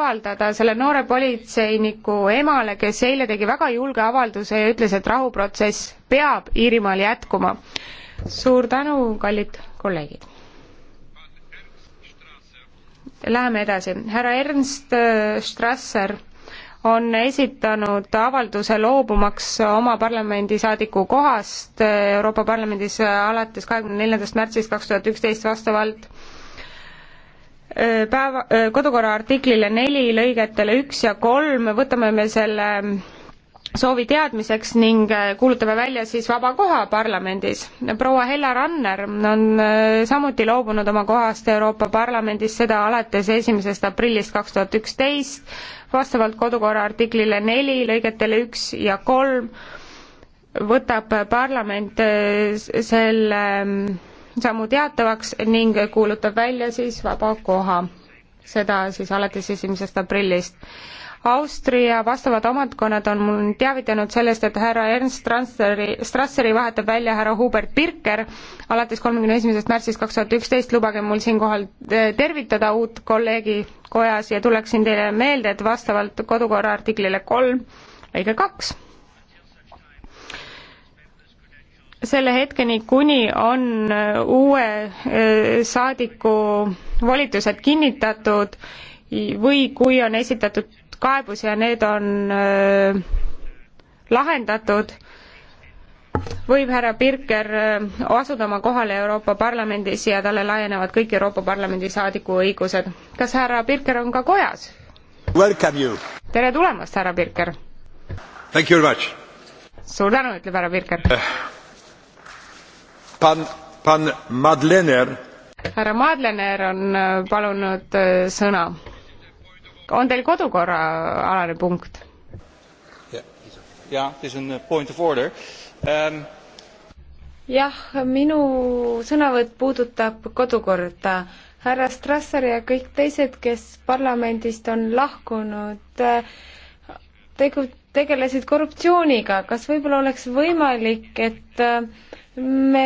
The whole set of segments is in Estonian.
avaldada selle noore politseiniku emale, kes eile tegi väga julge avalduse ja ütles, et rahuprotsess peab Iirimaal jätkuma. suur tänu, kallid kolleegid. Läheme edasi, härra Ernst äh, Strasser on esitanud avalduse loobumaks oma parlamendisaadiku kohast äh, Euroopa Parlamendis äh, alates kahekümne neljandast märtsist kaks tuhat üksteist vastavalt päeva, kodukorra artiklile neli lõigetele üks ja kolm võtame me selle soovi teadmiseks ning kuulutame välja siis vaba koha parlamendis. proua Hella Ranner on samuti loobunud oma kohast Euroopa Parlamendis, seda alates esimesest aprillist kaks tuhat üksteist, vastavalt kodukorra artiklile neli lõigetele üks ja kolm võtab parlament selle sammu teatavaks ning kuulutab välja siis vaba koha. seda siis alates esimesest aprillist. Austria vastavad ametkonnad on mul teavitanud sellest, et härra Ernst Strasseri, Strasseri vahetab välja härra Hubert Birker alates kolmekümne esimesest märtsist kaks tuhat üksteist, lubage mul siinkohal eh, tervitada uut kolleegi kojas ja tuleksin teile meelde, et vastavalt kodukorra artiklile kolm lõige kaks selle hetkeni, kuni on äh, uue äh, saadiku volitused kinnitatud või kui on esitatud kaebus ja need on äh, lahendatud, võib härra Birker asuda oma kohale Euroopa Parlamendis ja talle laienevad kõik Euroopa Parlamendi saadiku õigused. kas härra Birker on ka kojas? tere tulemast, härra Birker! suur tänu, ütleb härra Birker uh, pan, pan Madlener. härra Madlener on äh, palunud äh, sõna. on teil kodukorraalane punkt? jah, see on point of order um.... jah, minu sõnavõtt puudutab kodukorda härra Strasser ja kõik teised, kes parlamendist on lahkunud äh, tegu, tegelesid korruptsiooniga, kas võib-olla oleks võimalik, et äh, me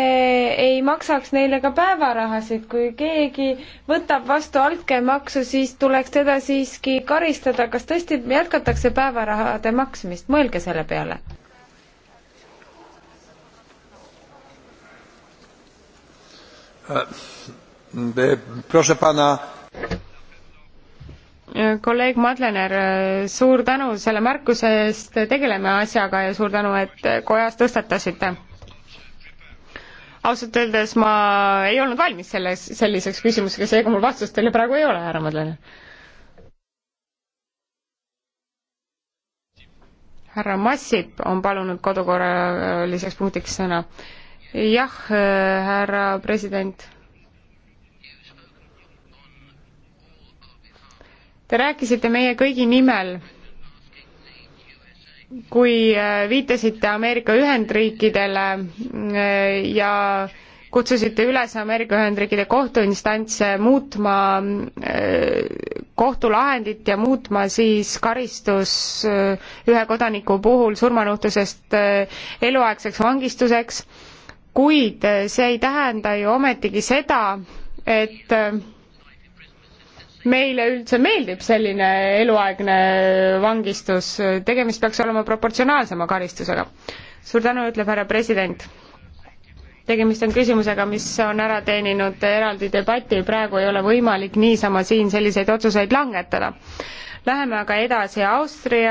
ei maksaks neile ka päevarahasid, kui keegi võtab vastu altkäemaksu, siis tuleks teda siiski karistada, kas tõesti jätkatakse päevarahade maksmist, mõelge selle peale. Äh, proszę pana, kolleeg Madlener, suur tänu selle märkuse eest, tegeleme asjaga ja suur tänu, et kojas tõstatasite. ausalt öeldes ma ei olnud valmis selles, selliseks küsimusega, seega mul vastust teile praegu ei ole, härra Madlener. härra Massip on palunud kodukorraliseks punktiks sõna. jah, härra president Te rääkisite meie kõigi nimel, kui äh, viitasite Ameerika Ühendriikidele äh, ja kutsusite üles Ameerika Ühendriikide kohtuinstantse muutma äh, kohtulahendit ja muutma siis karistus ühe kodaniku puhul surmanuhtlusest eluaegseks vangistuseks, kuid see ei tähenda ju ometigi seda, et meile üldse meeldib selline eluaegne vangistus, tegemist peaks olema proportsionaalsema karistusega. suur tänu, ütleb härra president. tegemist on küsimusega, mis on ära teeninud eraldi debati, praegu ei ole võimalik niisama siin selliseid otsuseid langetada. Läheme aga edasi Austria